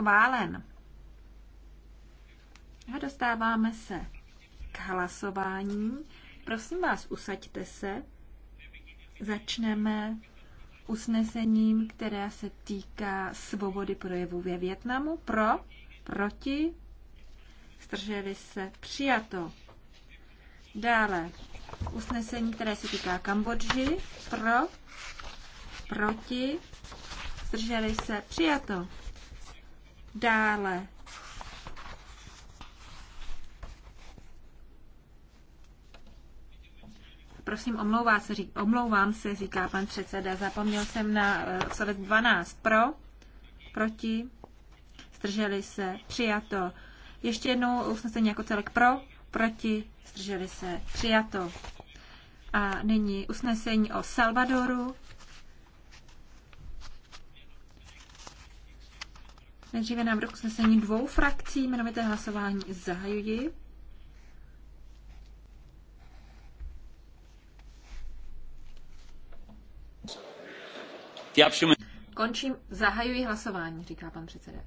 schválen. A dostáváme se k hlasování. Prosím vás, usaďte se. Začneme usnesením, které se týká svobody projevu ve Větnamu. Pro, proti, strželi se, přijato. Dále usnesení, které se týká Kambodži. Pro, proti, strželi se, přijato. Dále. Prosím, omlouvá se, řík, omlouvám se, říká pan předseda. Zapomněl jsem na eh, odstavec 12. Pro, proti, zdrželi se, přijato. Ještě jednou usnesení jako celek pro, proti, zdrželi se, přijato. A nyní usnesení o Salvadoru. Nejdříve návrh usnesení dvou frakcí, jmenovité hlasování zahajuji. Končím, zahajuji hlasování, říká pan předseda.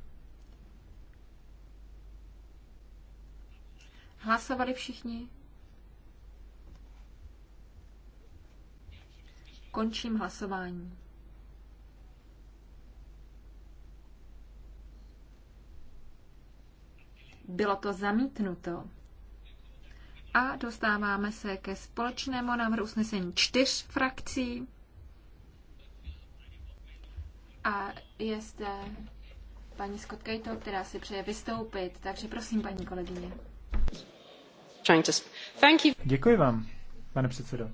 Hlasovali všichni? Končím hlasování. Bylo to zamítnuto. A dostáváme se ke společnému návrhu usnesení čtyř frakcí. A je zde paní Skotkejto, která si přeje vystoupit. Takže prosím, paní kolegyně. Děkuji vám, pane předsedo.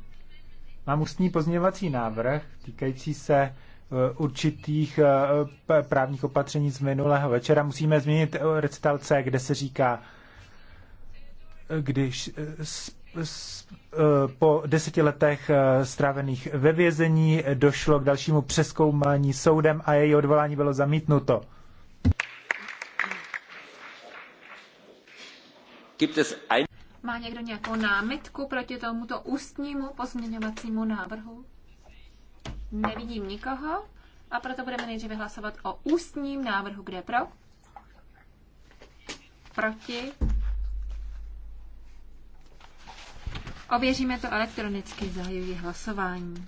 Mám ústní pozměňovací návrh týkající se Eh, určitých eh, právních opatření z minulého večera. Musíme změnit eh, recital C, kde se říká, když po deseti letech strávených ve vězení došlo k dalšímu přeskoumání soudem a její odvolání bylo zamítnuto. Má někdo nějakou námitku proti tomuto ústnímu pozměňovacímu návrhu? Nevidím nikoho a proto budeme nejdříve hlasovat o ústním návrhu. Kde pro? Proti? Ověříme to elektronicky, zahajuji hlasování.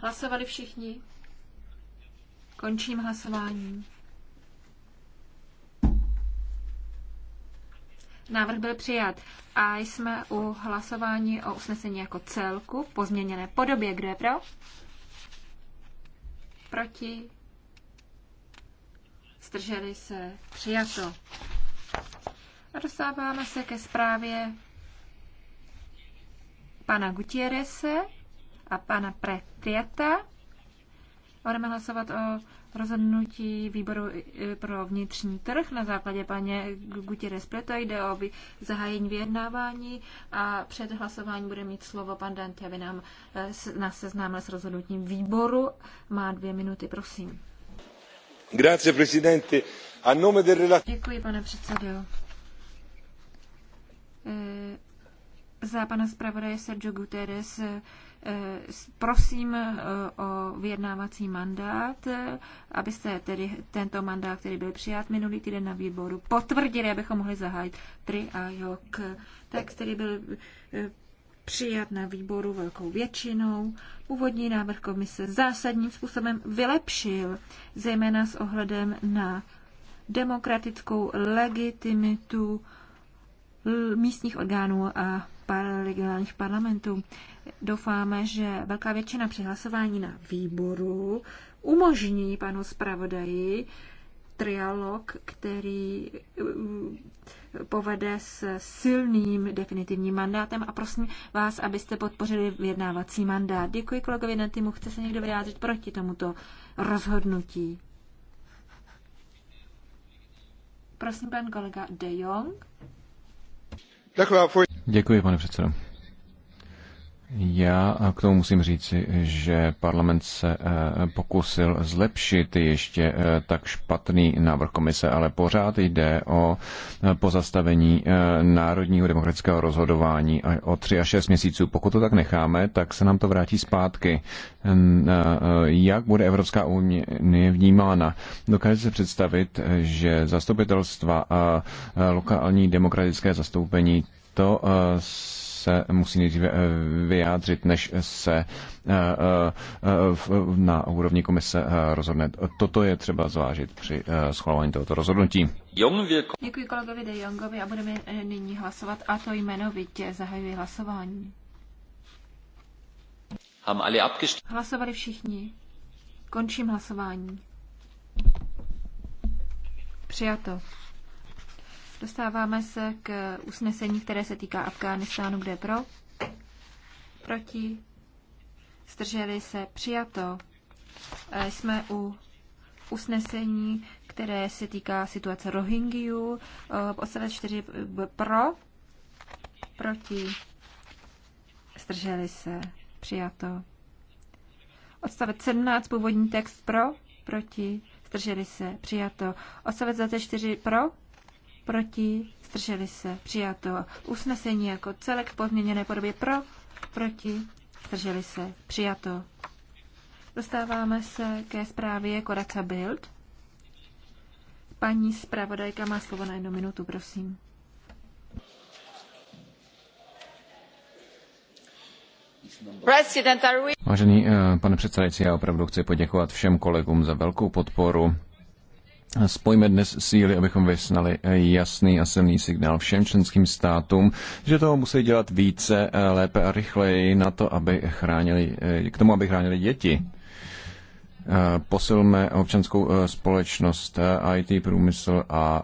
Hlasovali všichni. Končím hlasování. Návrh byl přijat. A jsme u hlasování o usnesení jako celku v pozměněné podobě. Kdo je pro? Proti? Zdrželi se? Přijato. A dostáváme se ke zprávě pana Gutierese a pana Pretieta. Budeme hlasovat o rozhodnutí výboru eh, pro vnitřní trh na základě paně Gutierrez Preto jde o zahájení vyjednávání a před hlasování bude mít slovo pan Dante, aby nám, eh, nás seznámil s rozhodnutím výboru. Má dvě minuty, prosím. Grazie, presidente. A nome del Děkuji, pane předsedo. Eh, za pana zpravodaje Sergio Guterres prosím eh, o vyjednávací mandát, abyste tedy tento mandát, který byl přijat minulý týden na výboru, potvrdili, abychom mohli zahájit a jok, Text, který byl eh, přijat na výboru velkou většinou. Původní návrh komise zásadním způsobem vylepšil, zejména s ohledem na demokratickou legitimitu místních orgánů a regionálních parlamentů. Doufáme, že velká většina hlasování na výboru umožní panu zpravodaji trialog, který eh, povede s silným definitivním mandátem a prosím vás, abyste podpořili vyjednávací mandát. Děkuji kolegovi týmu. Chce se někdo vyjádřit proti tomuto rozhodnutí? Prosím, pan kolega De Jong. Děkuji, pane předsedo. Já k tomu musím říci, že parlament se eh, pokusil zlepšit ještě eh, tak špatný návrh komise, ale pořád jde o eh, pozastavení národního demokratického rozhodování o 3 až 6 měsíců. Pokud to tak necháme, tak se nám to vrátí zpátky. Jak bude Evropská unie vnímána? Dokáže se představit, že zastupitelstva a lokální demokratické zastoupení to eh, se musí nejdříve eh, vyjádřit, než se eh, na úrovni komise rozhodne. Toto je třeba zvážit při schvalování tohoto rozhodnutí. Děkuji kolegovi De Jongovi a budeme nyní hlasovat a to jmenovitě zahajuje hlasování. Hlasovali všichni. Končím hlasování. Přijato. Dostáváme se k usnesení, které se týká Afghánistánu, kde pro, proti, zdrželi se, přijato. Eh, jsme u usnesení, které se týká situace Rohingyů, eh, odstavec 4 pro, proti, zdrželi se, přijato. Odstavec 17, původní text pro, proti, zdrželi se, přijato. Odstavec 24 pro, proti, zdrželi se, přijato. Usnesení jako celek v podměněné podobě pro, proti, zdrželi se, přijato. Dostáváme se ke zprávě Koraca Bild. Paní zpravodajka má slovo na jednu minutu, prosím. Vážený eh, pane předsedající, já opravdu chci poděkovat všem kolegům za velkou podporu Spojme dnes síly, abychom vysnali eh, jasný a silný signál všem členským státům, že toho musí dělat více, eh, lépe a rychleji na to, aby chránili, eh, k tomu, aby chránili děti. Eh, posilme občanskou eh, společnost, eh, IT průmysl a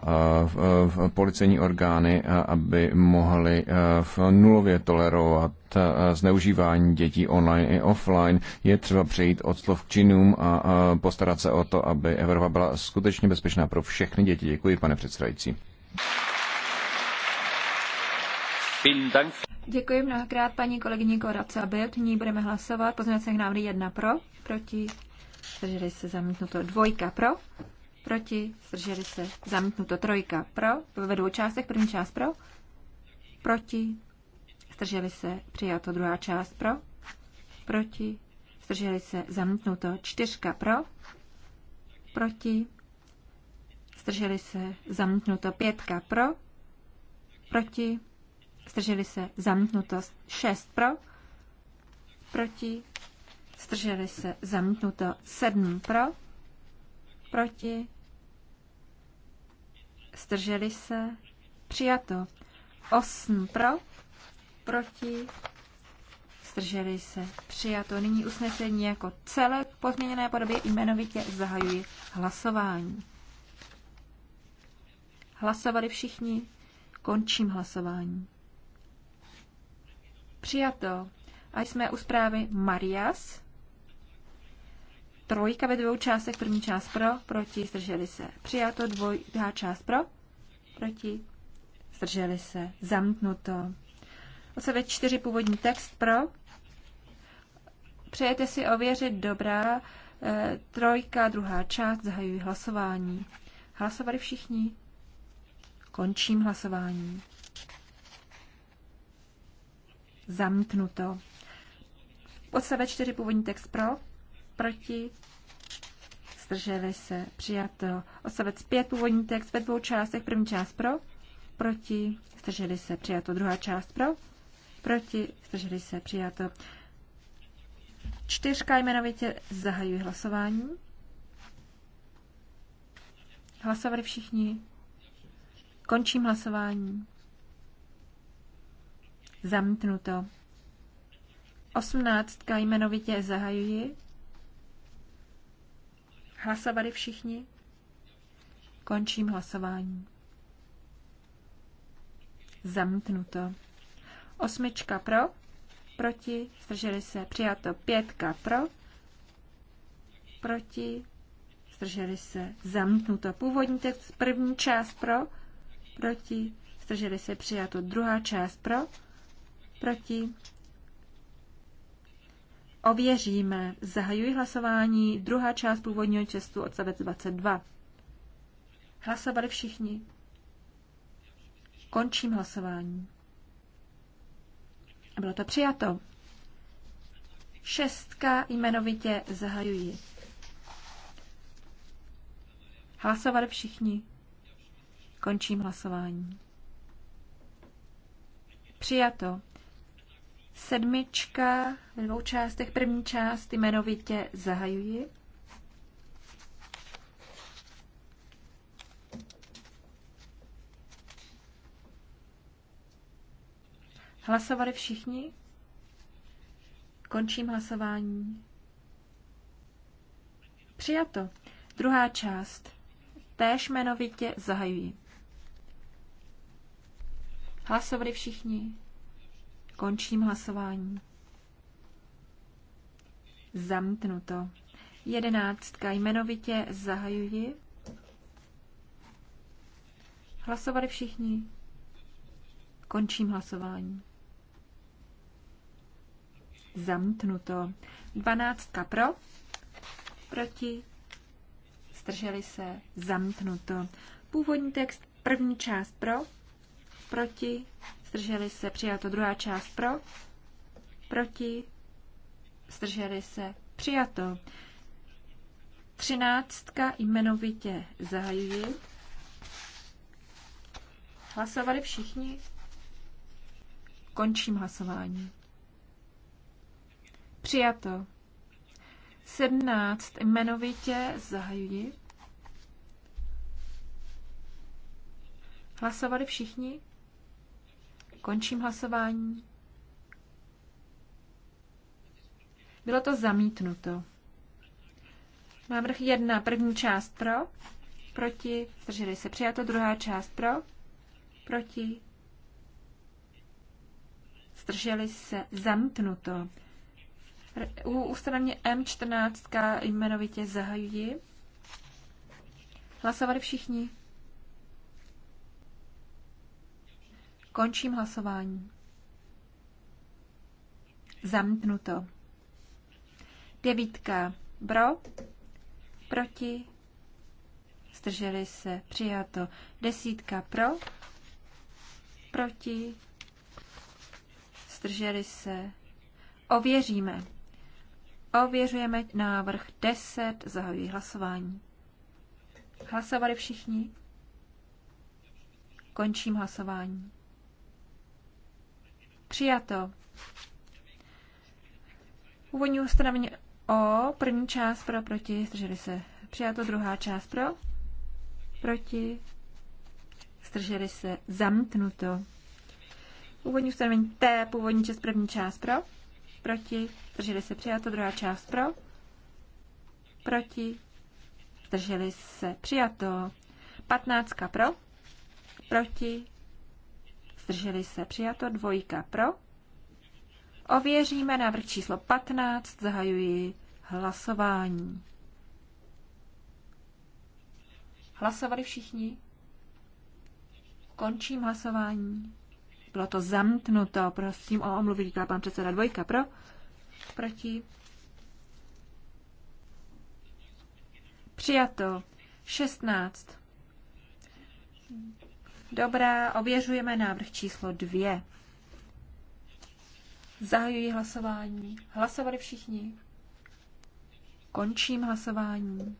policejní orgány, aby mohly v nulově tolerovat zneužívání dětí online i offline. Je třeba přejít od slov k činům a postarat se o to, aby Evropa byla skutečně bezpečná pro všechny děti. Děkuji, pane předsedající. Děkuji mnohokrát paní kolegyni Koraca Bild. Nyní budeme hlasovat. Pozměňovací návrhy jedna pro, proti zdrželi se zamítnuto dvojka pro, proti, zdrželi se zamítnuto trojka pro, ve dvou částech, první část pro, proti, zdrželi se přijato druhá část pro, proti, zdrželi se zamítnuto čtyřka pro, proti, zdrželi se zamítnuto pětka pro, proti, zdrželi se zamítnuto šest pro, proti, zdrželi se, zamítnuto. 7 pro, proti, zdrželi se, přijato. 8 pro, proti, zdrželi se, přijato. Nyní usnesení jako celek pozměněné podobě jmenovitě zahajuji hlasování. Hlasovali všichni, končím hlasování. Přijato. A jsme u zprávy Marias. Trojka ve dvou částech, první část pro, proti, zdrželi se. Přijato, druhá část pro, proti, zdrželi se. Zamknuto. Odstavec čtyři původní text pro. Přejete si ověřit, dobrá. E, trojka, druhá část, zahajují hlasování. Hlasovali všichni? Končím hlasování. Zamknuto. Odstavec čtyři původní text pro proti, zdrželi se, přijato. Odstavec 5, původní text ve dvou částech, první část pro, proti, zdrželi se, přijato. Druhá část pro, proti, zdrželi se, přijato. Čtyřka jmenovitě zahajují hlasování. Hlasovali všichni. Končím hlasování. Zamítnuto. Osmnáctka jmenovitě zahajuji. Hlasovali všichni? Končím hlasování. Zamknuto. Osmička pro, proti, zdrželi se, přijato. Pětka pro, proti, zdrželi se, zamknuto. Původní text, první část pro, proti, zdrželi se, přijato. Druhá část pro, proti, Ověříme. Zahajuji hlasování. Druhá část původního čestu odstavec 22. Hlasovali všichni. Končím hlasování. Bylo to přijato. Šestka jmenovitě zahajuji. Hlasovali všichni. Končím hlasování. Přijato. Sedmička ve dvou částech. První část jmenovitě zahajuji. Hlasovali všichni? Končím hlasování. Přijato. Druhá část. Též jmenovitě zahajuji. Hlasovali všichni? Končím hlasování. Zamítnuto. Jedenáctka. Jmenovitě zahajuji. Hlasovali všichni. Končím hlasování. Zamítnuto. Dvanáctka pro. Proti. Zdrželi se. Zamítnuto. Původní text. První část pro. Proti. Zdrželi se. Přijato. Druhá část pro. Proti. Zdrželi se. Přijato. Třináctka jmenovitě zahajuji. Hlasovali všichni? Končím hlasování. Přijato. 17 jmenovitě zahajuji. Hlasovali všichni? Končím hlasování. Bylo to zamítnuto. Návrh jedna první část pro, proti, zdrželi se přijato, druhá část pro, proti, zdrželi se zamítnuto. U ústavně M14 jmenovitě zahajuji. Hlasovali všichni. Končím hlasování. Zamítnuto. Devítka. Pro. Proti. Zdrželi se. Přijato. Desítka. Pro. Proti. Zdrželi se. Ověříme. Ověřujeme návrh 10. Zahajuji hlasování. Hlasovali všichni? Končím hlasování. Přijato. Úvodní ustanovení O, první část pro, proti, zdrželi se. Přijato druhá část pro, proti, zdrželi se. zamknuto. Úvodní ustanovení T, původní část, první část pro, proti, zdrželi se. Přijato druhá část pro, proti, zdrželi se. Přijato. Patnáctka pro, proti, zdrželi se, přijato dvojka pro. Ověříme návrh číslo 15, zahajuji hlasování. Hlasovali všichni? Končím hlasování. Bylo to zamknuto, prosím o omluvu, říká pan předseda dvojka pro, proti. Přijato 16. Dobrá, ověřujeme návrh číslo dvě. Zahajuji hlasování. Hlasovali všichni? Končím hlasování.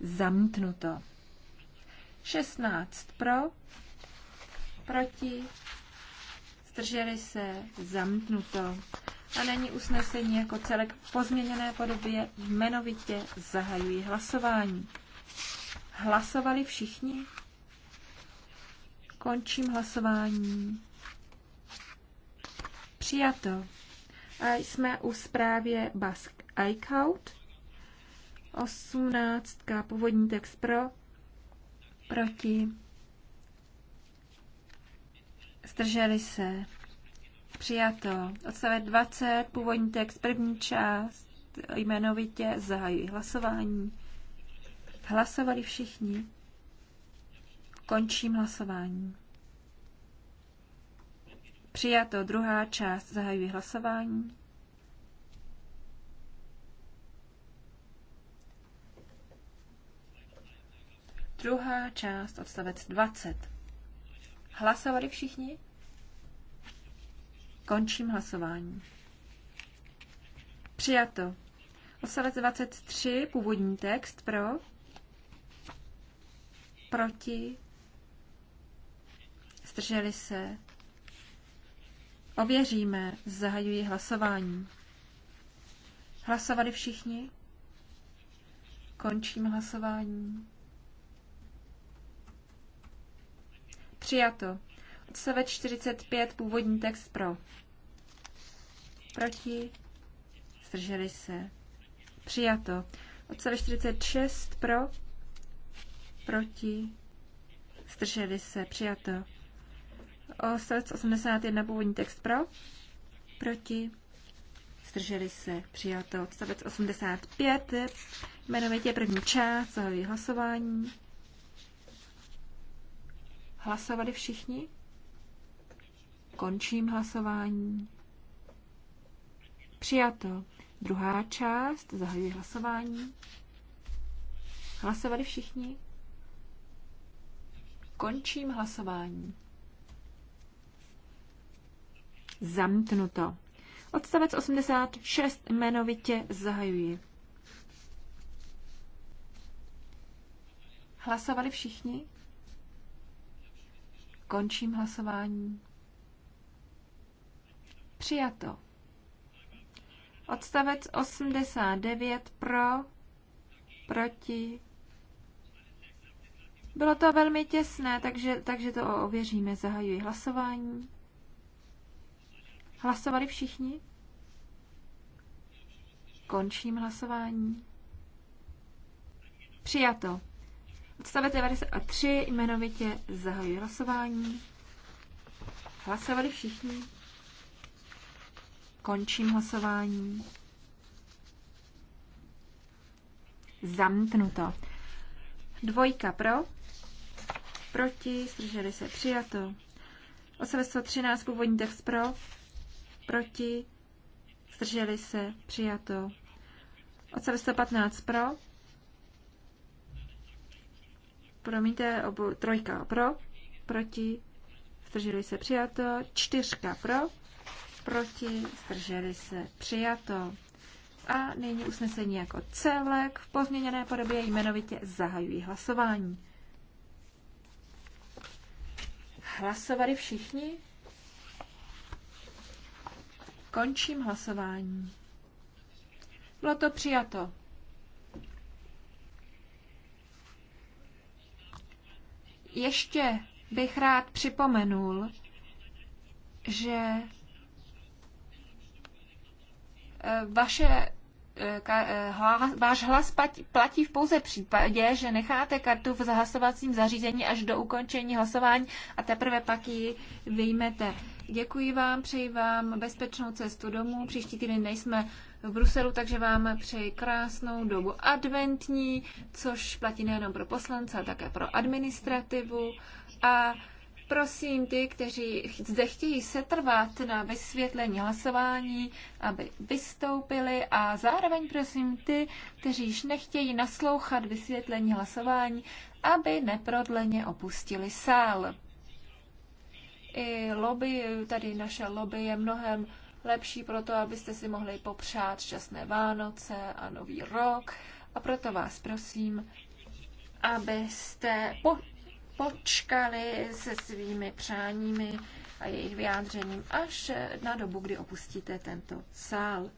Zamítnuto. 16 pro, proti, zdrželi se, zamítnuto. A není usnesení jako celek v pozměněné podobě, jmenovitě zahajují hlasování. Hlasovali všichni? Končím hlasování. Přijato. A jsme u zprávě Bask iCout. 18. Původní text pro. Proti. Zdrželi se. Přijato. Odstavec 20. Původní text. První část. Jmenovitě zahajuji hlasování. Hlasovali všichni. Končím hlasování. Přijato druhá část. Zahajuji hlasování. Druhá část, odstavec 20. Hlasovali všichni? Končím hlasování. Přijato. Odstavec 23, původní text pro proti, zdrželi se. Ověříme, zahajuji hlasování. Hlasovali všichni? Končím hlasování. Přijato. Odstavec 45, původní text pro. Proti. Zdrželi se. Přijato. Odstavec 46 pro proti, zdrželi se, přijato. Odstavec 81, původní text pro, proti, zdrželi se, přijato. Odstavec 85, jmenovitě první část, zahajuji hlasování. Hlasovali všichni? Končím hlasování. Přijato. Druhá část, zahajuji hlasování. Hlasovali všichni? Končím hlasování. Zamknuto. Odstavec 86 jmenovitě zahajuji. Hlasovali všichni? Končím hlasování. Přijato. Odstavec 89 pro, proti, bylo to velmi těsné, takže, takže to ověříme. Zahajuji hlasování. Hlasovali všichni? Končím hlasování. Přijato. Odstavec 93 jmenovitě zahajuji hlasování. Hlasovali všichni? Končím hlasování. Zamknuto. Dvojka pro, proti, zdrželi se, přijato. 813 113, původní text pro, proti, zdrželi se, přijato. 815 115 pro, promiňte, obu, trojka pro, proti, zdrželi se, přijato. Čtyřka pro, proti, zdrželi se, přijato. A nyní usnesení jako celek v pozměněné podobě jmenovitě zahajují hlasování. Hlasovali všichni? Končím hlasování. Bylo to přijato. Ještě bych rád připomenul, že eh, vaše Eh, eh, váš hlas platí v pouze případě, že necháte kartu v zahlasovacím zařízení až do ukončení hlasování a teprve pak ji vyjmete. Děkuji vám, přeji vám bezpečnou cestu domů. Příští týden nejsme v Bruselu, takže vám přeji krásnou dobu adventní, což platí nejenom pro poslance, ale také pro administrativu. A Prosím ty, kteří zde chtějí setrvat na vysvětlení hlasování, aby vystoupili a zároveň prosím ty, kteří již nechtějí naslouchat vysvětlení hlasování, aby neprodleně opustili sál. I lobby, tady naše lobby je mnohem lepší pro to, abyste si mohli popřát šťastné Vánoce a Nový rok. A proto vás prosím, abyste po počkali se svými přáními a jejich vyjádřením až na dobu, kdy opustíte tento sál.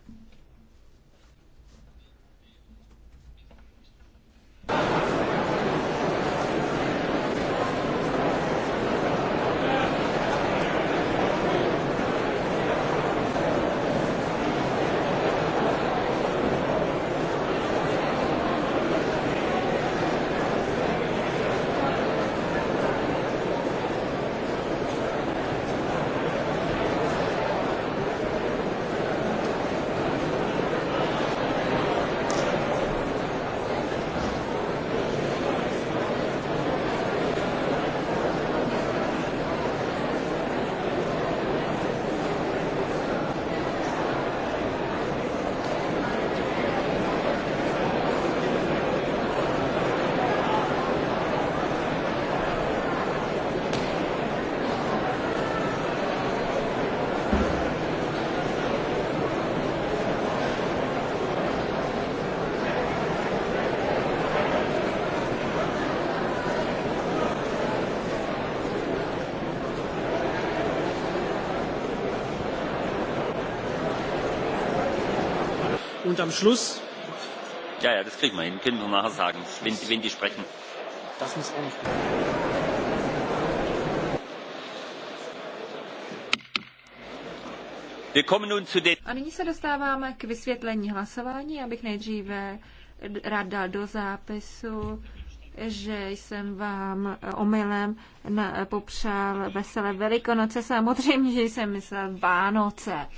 und am Schluss. Ja, ja, das kriegen wir hin. Können wir nachher sagen, wenn, wenn die sprechen. Das muss auch nicht passieren. A nyní se dostáváme k vysvětlení hlasování. Abych nejdříve rád dal do zápisu, že jsem vám omylem popřál veselé velikonoce. Samozřejmě, že jsem myslel Vánoce.